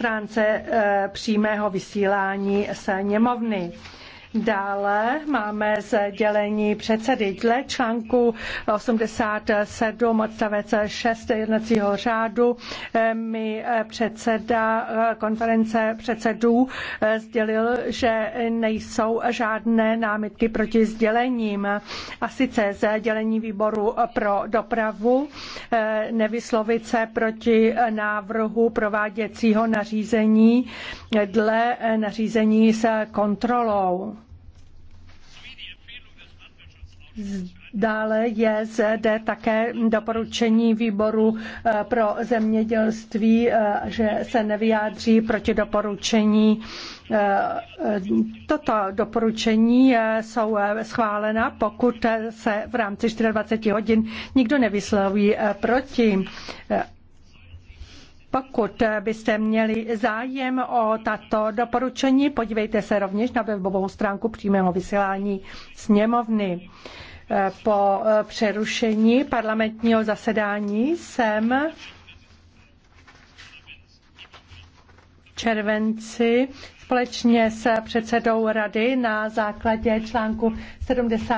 stránce eh, přímého vysílání se Dále máme sdělení předsedy dle článku 87 odstavec 6 jednacího řádu. Mi předseda konference předsedů sdělil, že nejsou žádné námitky proti sdělením. A sice sdělení výboru pro dopravu nevyslovit se proti návrhu prováděcího nařízení dle nařízení s kontrolou. Dále je zde také doporučení výboru eh, pro zemědělství, eh, že se nevyjádří proti doporučení. Eh, toto doporučení jsou schválena, pokud se v rámci 24 hodin nikdo nevysloví proti. Pokud byste měli zájem o tato doporučení, podívejte se rovněž na webovou stránku přímého vysílání sněmovny. Po přerušení parlamentního zasedání jsem červenci společně s předsedou rady na základě článku 70.